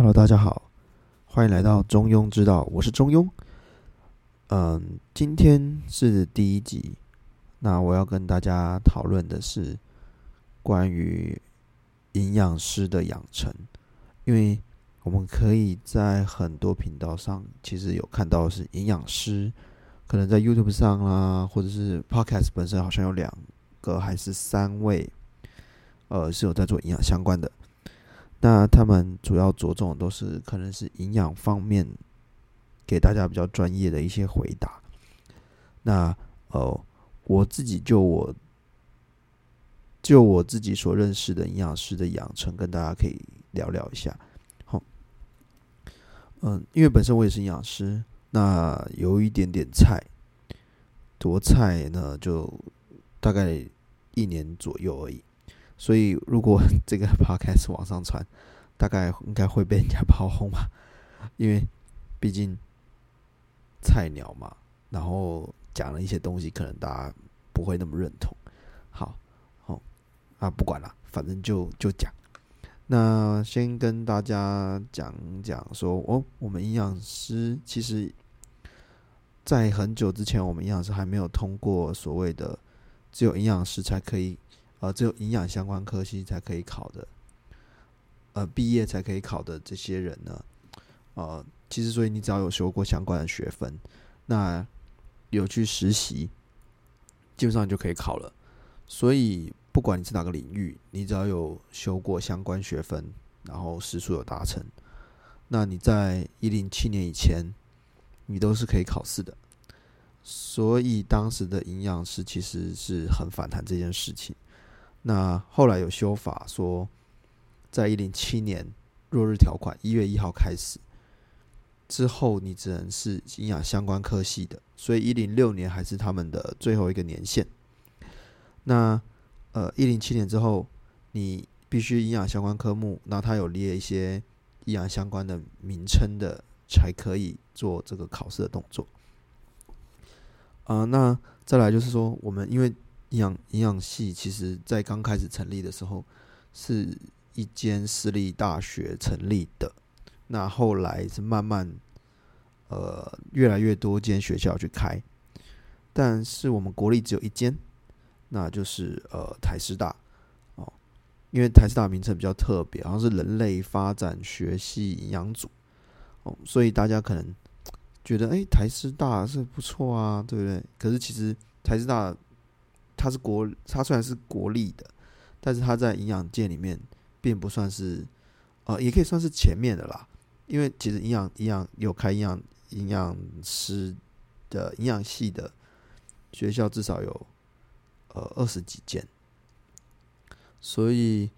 Hello，大家好，歡迎來到中庸之道，我是中庸。嗯，今天是第一集，那我要跟大家討論的是關於營養師的養成，因為我們可以在很多頻道上，其實有看到的是營養師，可能在 YouTube 上啊，或者是 Podcast 本身，好像有兩個還是三位，呃，是有在做營養相關的。那他們主要着重的都是可能是營養方面，給大家比較專業的一些回答。那呃，我自己就我就我自己所認識的營養師的養成，跟大家可以聊聊一下。好，嗯，因為本身我也是營養師，那有一點點菜，多菜呢就大概一年左右而已。所以，如果這個 Podcast 往上傳，大概應該會被人家炮轟吧，因為畢竟菜鳥嘛。然後講了一些東西，可能大家不會那麼認同。好，好、哦，啊，不管了，反正就就講。那先跟大家講講，說哦，我們營養師其實，在很久之前，我們營養師還沒有通過所謂的只有營養師才可以。呃，只有營養相關科系，才可以考的，呃，畢業才可以考的這些人呢，呃，其實所以你只要有修過相關的學分，那有去實習，基本上你就可以考了。所以不管你是哪個領域，你只要有修過相關學分，然後時數有達成，那你在一零七年以前，你都是可以考試的。所以當時的營養師其實是很反彈這件事情。那後來有修法說，在一零七年落日條款一月一號開始之後，你只能是營養相關科系的，所以一零六年還是他們的最後一個年限。那呃，一零七年之後，你必須營養相關科目，那他有列一些營養相關的名稱的，才可以做這個考試的動作。啊，那再來就是說，我們因為。營養營養系其實在剛開始成立的時候，是一間私立大學成立的。那後來是慢慢，呃，越來越多間學校去開，但是我們國立只有一間，那就是呃台師大哦。因為台師大名稱比較特別，好像是人類發展學系營養組哦，所以大家可能覺得誒、欸，台師大是不錯啊，對不對？可是其實台師大。它是國，它雖然是國立的，但是它在營養界裡面並不算是，呃，也可以算是前面的啦。因為其實營養營養有開營養營養師的營養系的學校至少有呃二十幾間，所以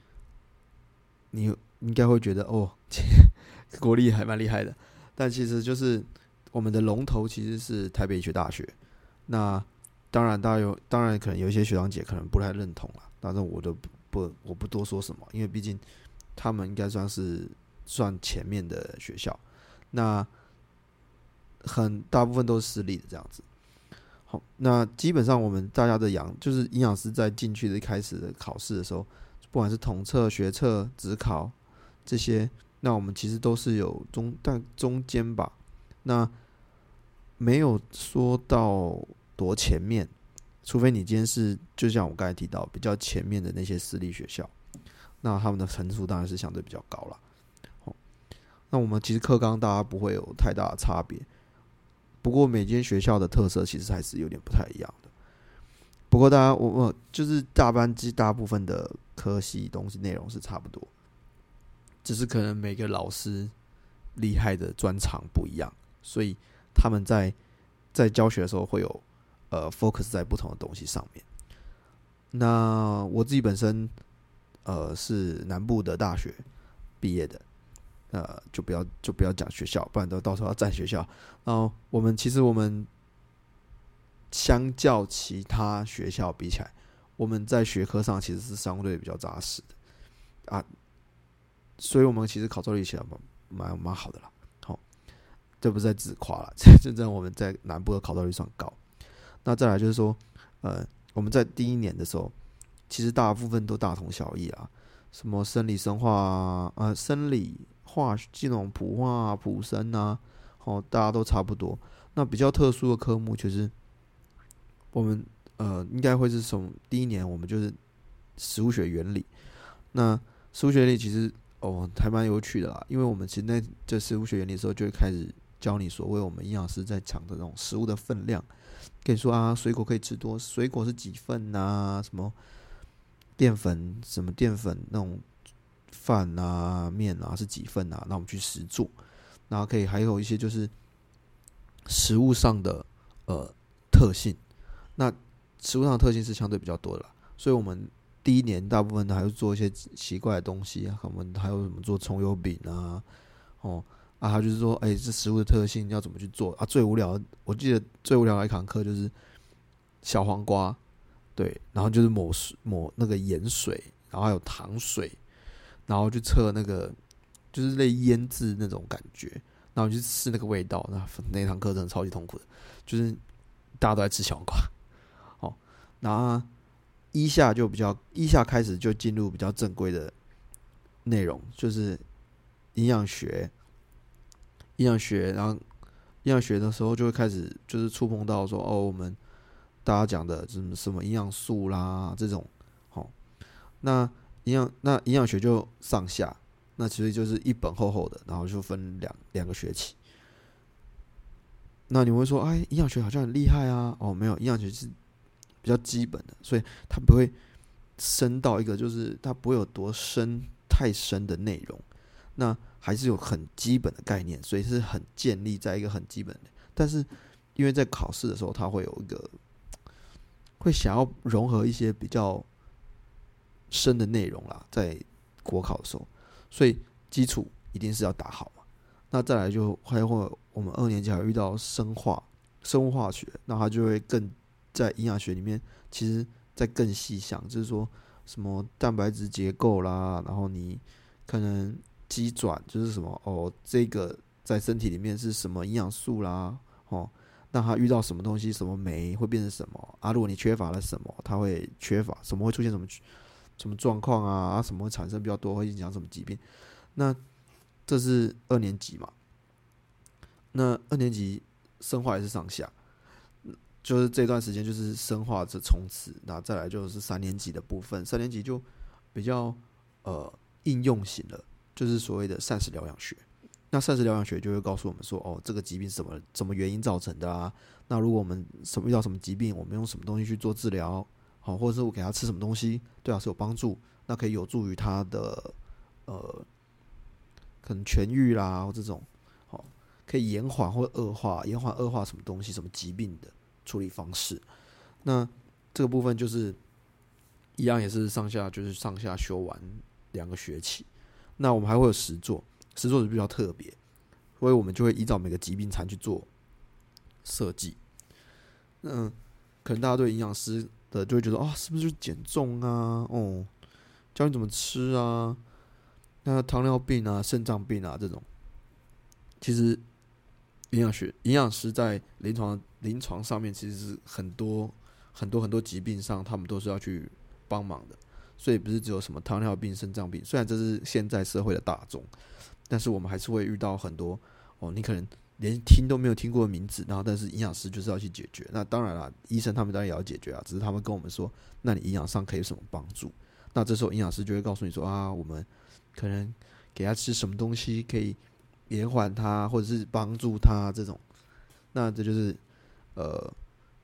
你，你應該會覺得哦，國立還蠻厲害的。但其實就是我們的龍頭其實是台北醫學大學，那，當然，大家有當然可能有一些學長姐可能不太認同了，但是我都不，不我不多說什麼，因為畢竟他們應該算是算前面的學校，那很大部分都是私立的這樣子。好，那基本上我們大家的養就是營養師在進去的一開始的考試的時候，不管是統測、學測、職考這些，那我們其實都是有中但中間吧，那沒有說到。多前面，除非你今天是就像我剛才提到比較前面的那些私立學校，那他們的分數當然是相對比較高了。哦，那我們其實課綱大家不會有太大的差別，不過每間學校的特色其實還是有點不太一樣的。不過大家我我就是大班制，大部分的科系東西內容是差不多，只是可能每個老師厲害的專長不一樣，所以他們在在教學的時候會有。呃，focus 在不同的東西上面。那我自己本身，呃，是南部的大學畢業的，呃，就不要就不要講學校，不然都到時候要占學校。然、呃、後我們其實我們相較其他學校比起來，我們在學科上其實是相對比較扎實的啊。所以我們其實考照率起來蠻蠻蠻好的啦。好、哦，這不是在自誇了，這真正我們在南部的考照率算高。那再來就是說，呃，我們在第一年的時候，其實大部分都大同小異啊，什麼生理、生化啊，呃，生理、化學這種普化、普生啊，哦，大家都差不多。那比較特殊的科目，其實我們呃，應該會是從第一年我們就是《食物學原理》。那《食物學原理》其實哦還蠻有趣的啦，因為我們其實那這《食物學原理》的時候就會開始。教你所謂我們營養師在講的那種食物的分量，可以說啊，水果可以吃多，水果是幾份啊？什麼澱粉？什麼澱粉那種飯啊、麵啊是幾份啊？那我們去實作，然後可以還有一些就是食物上的呃特性，那食物上的特性是相對比較多的，所以我們第一年大部分的還是做一些奇怪的東西啊，我們還有什麼做蔥油餅啊，哦。啊，他就是說，哎、欸，這食物的特性要怎麼去做啊？最無聊，我記得最無聊的一堂課就是小黃瓜，對，然後就是抹抹那個鹽水，然後還有糖水，然後去測那個，就是類醃制那種感覺，然後去吃那個味道，那那個、堂課真的超級痛苦的，就是大家都在吃小黃瓜，哦，然後一下就比較一下開始就進入比較正規的內容，就是營養學。營養學，然後營養學的時候就會開始，就是觸碰到說哦，我們大家講的，什麼什麼營養素啦這種，好、哦，那營養那營養學就上下，那其實就是一本厚厚的，然後就分兩兩個學期。那你會說，哎，營養學好像很厲害啊？哦，沒有，營養學是比較基本的，所以它不會深到一個，就是它不會有多深太深的內容。那還是有很基本的概念，所以是很建立在一個很基本的。但是，因為在考試的時候，它會有一個會想要融合一些比較深的內容啦，在國考的時候，所以基礎一定是要打好嘛。那再來就還會，我們二年級還會遇到生化、生物化學，那它就會更在營養學裡面，其實，再更細想，就是說什麼蛋白質結構啦，然後你可能。機轉就是什麼哦？這個在身體裡面是什麼營養素啦？哦，那他遇到什麼東西，什麼酶，會變成什麼啊？如果你缺乏了什麼，他會缺乏什麼，會出現什麼什麼狀況啊，啊？什麼會產生比較多，會影響什麼疾病？那這是二年級嘛？那二年級生化也是上下，就是這段時間就是生化這衝刺，那再來就是三年級的部分。三年級就比較呃應用型的。就是所謂的膳食療養學，那膳食療養學就會告訴我們說，哦，這個疾病是什麼什麼原因造成的啊？那如果我們什麼遇到什麼疾病，我們用什麼東西去做治療，好，或者是我給他吃什麼東西，對他是有幫助，那可以有助於他的呃，可能痊癒啦，或這種，好，可以延緩或惡化，延緩惡化什麼東西，什麼疾病的處理方式，那這個部分就是一樣，也是上下就是上下修完兩個學期。那我們還會有實作，實作是比較特別，所以我們就會依照每個疾病餐去做設計。嗯，可能大家對營養師的就會覺得啊、哦，是不是減重啊？哦，教你怎麼吃啊？那糖尿病啊、腎臟病啊這種，其實營養學、營養師在臨床臨床上面其實是很多很多很多疾病上，他們都是要去幫忙的。所以不是只有什麼糖尿病、腎臟病，雖然這是現在社會的大眾，但是我們還是會遇到很多哦，你可能連聽都沒有聽過的名字，然後但是營養師就是要去解決。那當然了，醫生他們當然也要解決啊，只是他們跟我們說，那你營養上可以有什麼幫助？那這時候營養師就會告訴你說啊，我們可能給他吃什麼東西可以延緩他，或者是幫助他這種。那這就是呃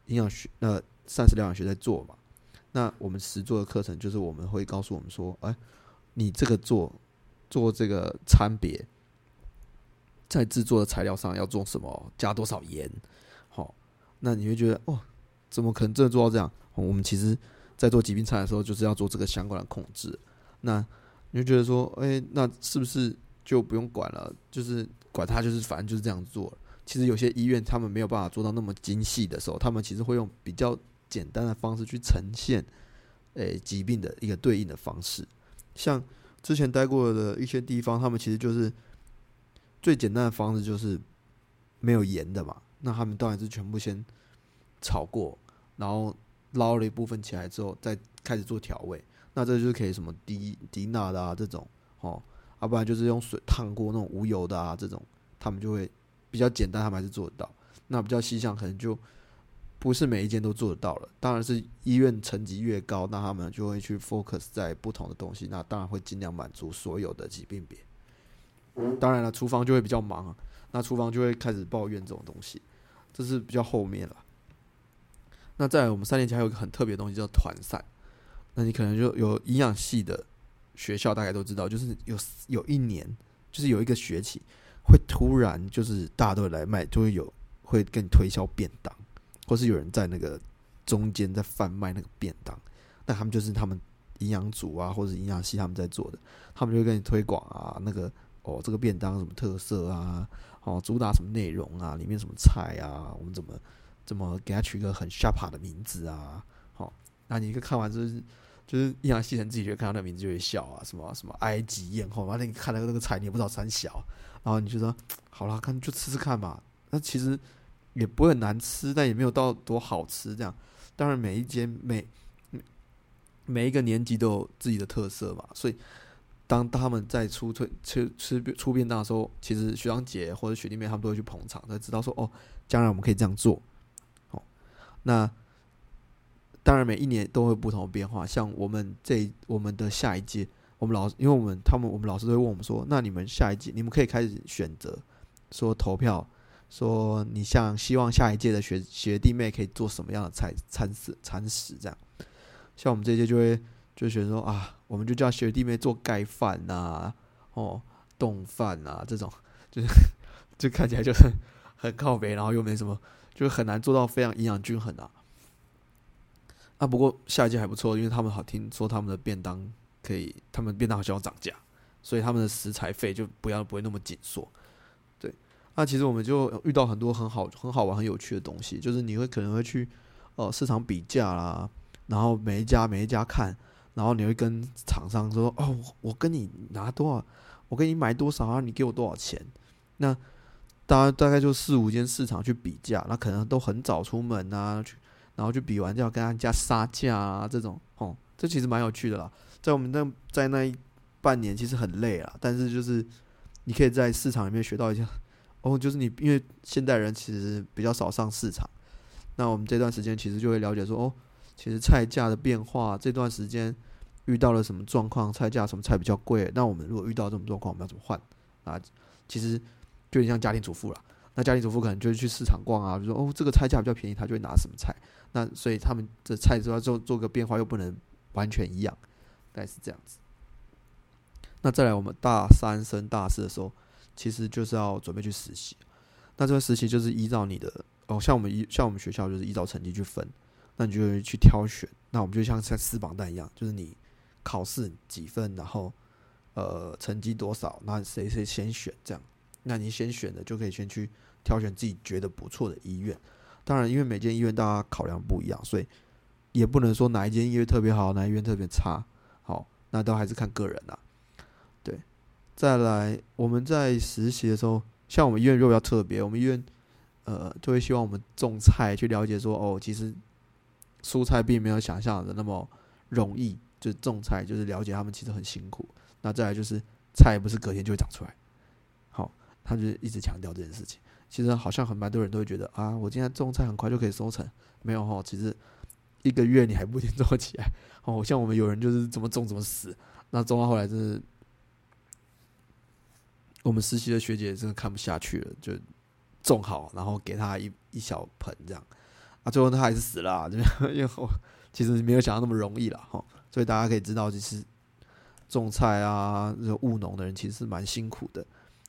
營養學，那膳食療養學在做嘛。那我們實作的課程，就是我們會告訴我們說，哎，你這個做做這個餐別，在製作的材料上要做什麼，加多少鹽，好，哦，那你會覺得，哦，怎麼可能真的做到這樣？哦，我們其實在做疾病餐的時候，就是要做這個相關的控制。那你會覺得說，哎，那是不是就不用管了？就是管它，就是反正就是這樣做。其實有些醫院他們沒有辦法做到那麼精細的時候，他們其實會用比較。簡單的方式去呈現，誒、欸，疾病的一個對應的方式。像之前待過的一些地方，他們其實就是最簡單的方式，就是沒有鹽的嘛。那他們當然是全部先炒過，然後撈了一部分起來之後，再開始做調味。那這就是可以什麼低低鈉的啊，這種哦，要、啊、不然就是用水燙過那種無油的啊，這種，他們就會比較簡單，他們還是做得到。那比較細項可能就，不是每一間都做得到了，當然是醫院層級越高，那他們就會去 focus 在不同的東西，那當然會盡量滿足所有的疾病別。當然了，廚房就會比較忙，那廚房就會開始抱怨這種東西，這是比較後面了。那在我們三年級還有一個很特別的東西叫團膳，那你可能就有營養系的學校，大概都知道，就是有有一年，就是有一個學期會突然就是大家都會來賣，就會有會跟你推銷便當。或是有人在那個中間在販賣那個便當，那他們就是他們營養組啊，或者營養系他們在做的，他們就會跟你推廣啊，那個哦這個便當有什麼特色啊，哦主打什麼內容啊，裡面什麼菜啊，我們怎麼怎麼給他取一個很 sharp 的名字啊，哦，那你一個看完就是就是營養系人自己就覺得看到那名字就會笑啊，什麼什麼埃及豔後，完了你看到那個菜你也不知道三小，然後你就說好啦，看就吃吃看吧，那其實。也不會很難吃，但也沒有到多好吃這樣。當然每，每一間每每一個年級都有自己的特色嘛，所以，當他們在出出吃吃出，出變大的時候，其實學長姐或者學弟妹他們都會去捧場，他知道說哦，將來我們可以這樣做。好、哦，那當然每一年都會不同的變化。像我們這我們的下一屆，我們老師，因為我們他們我們老師都會問我們說，那你們下一屆你們可以開始選擇說投票。說你像希望下一屆的學學弟妹可以做什麼樣的餐餐食餐食這樣，像我們這一屆就會就覺得說啊，我們就叫學弟妹做蓋飯吶、啊，哦，凍飯啊這種，就是就看起來就是很，很靠北，然後又沒什麼，就很難做到非常營養均衡啊。啊，不過下一屆還不錯，因為他們好聽說他們的便當可以，他們便當好像要漲價，所以他們的食材費就不要不會那麼緊縮。那其實我們就遇到很多很好、很好玩、很有趣的東西，就是你會可能會去，呃，市場比價啦，然後每一家每一家看，然後你會跟廠商說：“哦，我跟你拿多少，我跟你買多少啊，你給我多少錢？”那大大概就四五間市場去比價，那可能都很早出門啊，去，然後去比完就要跟人家殺價啊，這種，哦、嗯，這其實蠻有趣的啦。在我們那在那一半年其實很累啊，但是就是你可以在市場裡面學到一些。哦，就是你，因為現代人其實比較少上市場，那我們這段時間其實就會了解說，哦，其實菜價的變化這段時間遇到了什麼狀況，菜價什麼菜比較貴，那我們如果遇到這種狀況，我們要怎麼換啊？其實就像家庭主婦啦，那家庭主婦可能就是去市場逛啊，比如說哦，這個菜價比較便宜，她就會拿什麼菜，那所以他們的菜之後做做個變化又不能完全一樣，大概是這樣子。那再來，我們大三升大四的時候。其實就是要準備去實習，那這個實習就是依照你的哦，像我們一像我們學校就是依照成績去分，那你就去挑選。那我們就像撕榜單一樣，就是你考試幾分，然後呃成績多少，那誰誰先選這樣。那你先選的就可以先去挑選自己覺得不錯的醫院。當然，因為每間醫院大家考量不一樣，所以也不能說哪一間醫院特別好，哪一間特別差。好、哦，那都還是看個人啦。再來，我們在實習的時候，像我們醫院就比較特別，我們醫院，呃，就會希望我們種菜去了解說，哦，其實蔬菜並沒有想象的那麼容易，就種菜就是了解他們其實很辛苦。那再來就是菜也不是隔天就會長出來，好、哦，他就一直強調這件事情。其實好像很蠻多人都會覺得啊，我今天種菜很快就可以收成，沒有哈、哦，其實一個月你還不一定做起來。哦，像我們有人就是怎麼種怎麼死，那種到後來就是。我們實習的學姐真的看不下去了，就種好，然後給她一一小盆這樣，啊，最後她還是死了，啊，就因為其實沒有想到那麼容易啦哈，哦，所以大家可以知道，其實種菜啊，種、這個、務農的人其實是蠻辛苦的。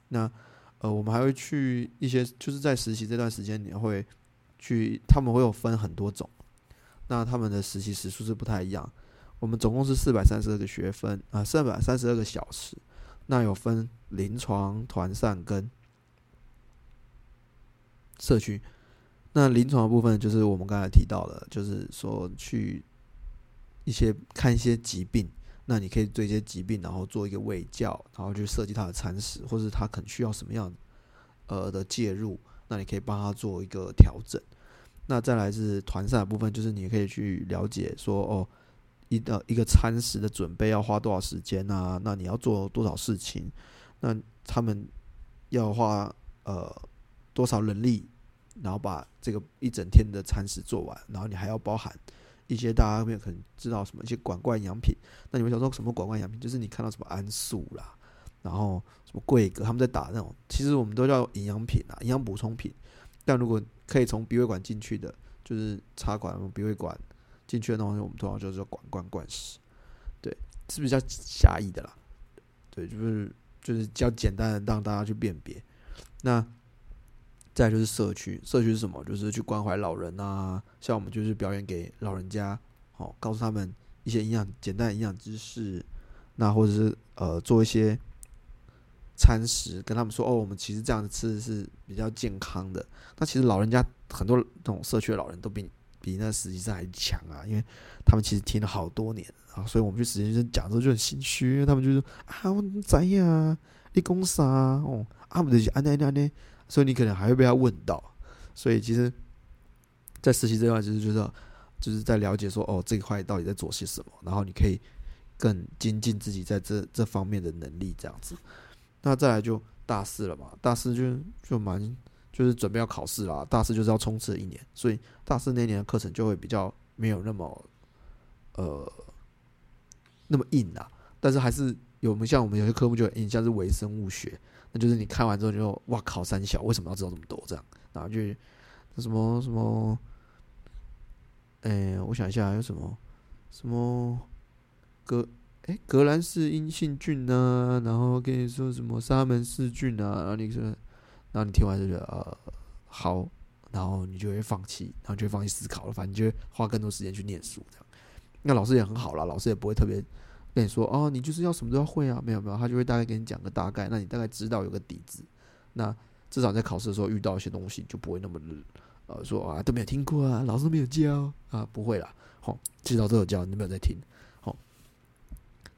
那呃，我們還會去一些，就是在實習這段時間，你會去，他們會有分很多種，那他們的實習時數是不太一樣。我們總共是四百三十二個學分啊，四百三十二個小時。那有分臨床、團膳跟社區。那臨床的部分就是我們剛才提到的，就是說去一些看一些疾病，那你可以對一些疾病然後做一個衛教，然後去設計他的餐食，或是他可能需要什麼樣呃的介入，那你可以幫他做一個調整。那再來是團膳的部分，就是你可以去了解說哦。一呃，一個餐食的準備要花多少時間啊？那你要做多少事情？那他們要花呃多少人力，然後把這個一整天的餐食做完，然後你還要包含一些大家沒有可能知道什麼一些管灌營養品。那你們想說什麼管灌營養品？就是你看到什麼安素啦，然後什麼桂格他們在打那種，其實我們都叫營養品啊，營養補充品。但如果可以從鼻胃管進去的，就是插管鼻胃管。進去的東西，我們通常就是管管管食，對，是比較狹義的啦，對，就是就是較簡單的讓大家去辨別。那再就是社區，社區是什麼？就是去關懷老人啊，像我們就是表演給老人家，哦，告訴他們一些營養，簡單的營養知識，那或者是呃做一些餐食，跟他們說哦，我們其實這樣子吃是比較健康的。那其實老人家很多那種社區的老人都比。比那實習生還強啊，因為他們其實聽了好多年啊，所以我們去實習生講的時候就很心虛，因為他們就說啊，我怎麼樣啊，你講啥、啊、哦，啊不得去啊，呢按呢，所以你可能還會被他問到。所以其實，在實習這塊就是就是就是在了解說哦這一塊到底在做些什麼，然後你可以更精進自己在這這方面的能力這樣子。那再來就大四了吧，大四就就蠻。就是準備要考試啦，大四就是要衝刺一年，所以大四那年的課程就會比較沒有那麼，呃，那麼硬啦、啊。但是還是有，我們像我們有些科目就很硬，像是微生物學，那就是你看完之後就說：“哇考三小為什麼要知道這麼多？”這樣，然後就什麼什麼，哎、欸，我想一下，有什麼什麼格哎、欸、格蘭氏陰性菌吶、啊，然後跟你說什麼沙門氏菌吶、啊，然後你說。然後你聽完就覺得呃好，然後你就會放棄，然後你就會放棄思考了，反正你就會花更多時間去念書這樣。那老師也很好啦，老師也不會特別跟你說哦，你就是要什麼都要會啊，沒有沒有，他就會大概給你講個大概，那你大概知道有個底子，那至少在考試的時候遇到一些東西就不會那麼呃說啊都沒有聽過啊，老師都沒有教啊不會啦。好，至少這個教，你沒有在聽好。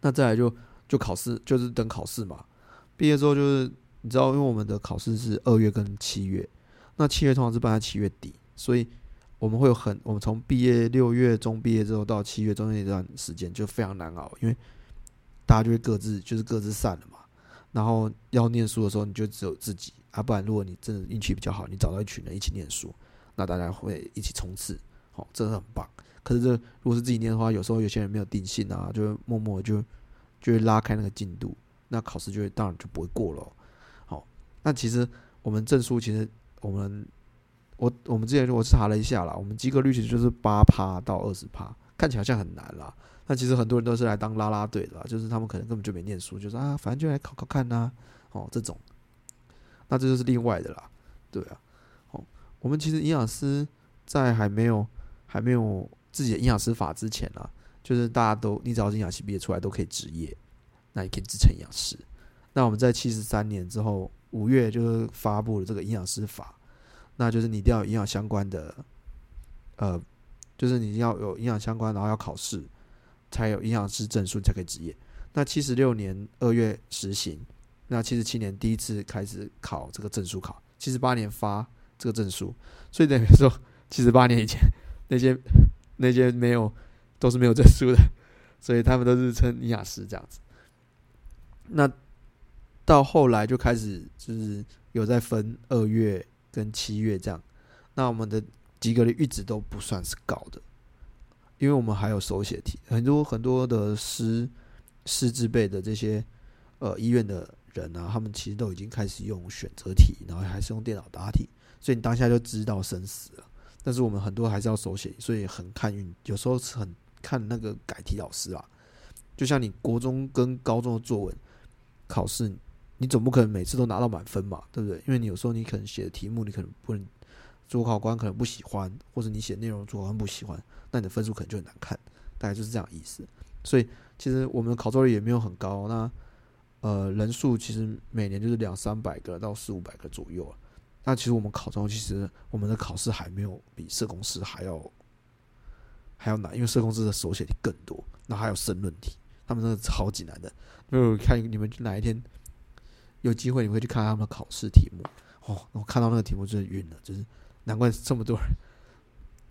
那再來就就考試就是等考試嘛，畢業之後就是。你知道，因為我們的考試是二月跟七月，那七月通常是辦在七月底，所以我們會有很，我們從畢業六月中畢業之後到七月中那段時間就非常難熬，因為大家就會各自就是各自散了嘛，然後要念書的時候你就只有自己啊，不然如果你真的運氣比較好，你找到一群人一起念書，那大家會一起衝刺，哦，真的很棒。可是這如果是自己念的話，有時候有些人沒有定性啊，就默默就就會拉開那個進度，那考試就會當然就不會過了喔。那其實我們證書，其實我們我我們之前我查了一下啦，我們及格率其實就是八趴到二十趴，看起來好像很難啦。那其實很多人都是來當啦啦隊的啦，就是他們可能根本就沒念書，就是啊，反正就來考考看吶、啊，哦，這種。那這就是另外的啦，對啊，哦，我們其實營養師在還沒有還沒有自己的營養師法之前啊，就是大家都你只要是營養師畢業出來都可以職業，那你可以自稱營養師。那我們在七十三年之後。五月就是發布了這個營養師法，那就是你一定要有營養相關的，呃，就是你要有營養相關，然後要考試才有營養師證書，你才可以執業。那七十六年二月實行，那七十七年第一次開始考這個證書考，七十八年發這個證書。所以等於說七十八年以前那些那些沒有都是沒有證書的，所以他們都自稱營養師這樣子。那。到後來就開始就是有在分二月跟七月這樣，那我們的及格率一直都不算是高的，因為我們還有手寫題，很多很多的師師資輩的這些呃醫院的人啊，他們其實都已經開始用選擇題，然後還是用電腦答題，所以你當下就知道生死了。但是我們很多還是要手寫，所以很看運，有時候是很看那個改題老師啊。就像你國中跟高中的作文考試。你總不可能每次都拿到滿分嘛，對不對？因為你有時候你可能寫的題目，你可能不能主考官可能不喜歡，或者你寫內容主考官不喜歡，那你的分數可能就很難看。大概就是這樣意思。所以其實我們的考中率也沒有很高。那呃人數其實每年就是兩三百個到四五百個左右。那其實我們考中，其實我們的考試還沒有比社工師還要還要難，因為社工師的手寫題更多，那還有申論題，他們真的超級難的。就看你們哪一天。有機會你會去看，看他們的考試題目，哦，我、哦、看到那個題目就是暈了，就是難怪這麼多人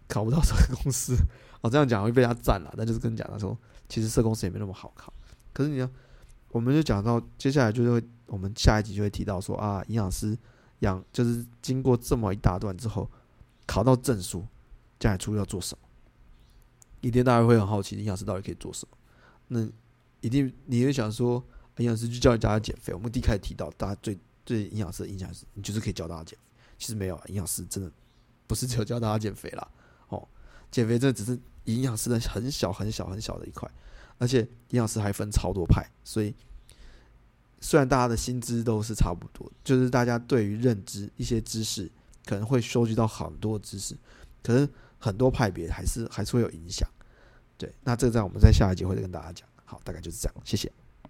考不到社工師。哦。這樣講會被他讚了，但就是跟你講他說，其實社工師也沒那麼好考。可是你要，我們就講到接下來就是會，我們下一集就會提到說啊，營養師養就是經過這麼一大段之後，考到證書，將來出路要做什麼？一定大家會很好奇，營養師到底可以做什麼？那一定你會想說。營養師就教大家減肥。我們第一開始提到，大家最對營養師的印象是，你就是可以教大家減。其實沒有啊，營養師真的不是只有教大家減肥啦。哦，減肥真的只是營養師的很小很小很小的一塊，而且營養師還分超多派。所以，雖然大家的薪資都是差不多，就是大家對於認知一些知識，可能會收集到很多知識，可能很多派別還是還是會有影響。對，那這個在我們在下一集會再跟大家講。好，大概就是這樣，謝謝。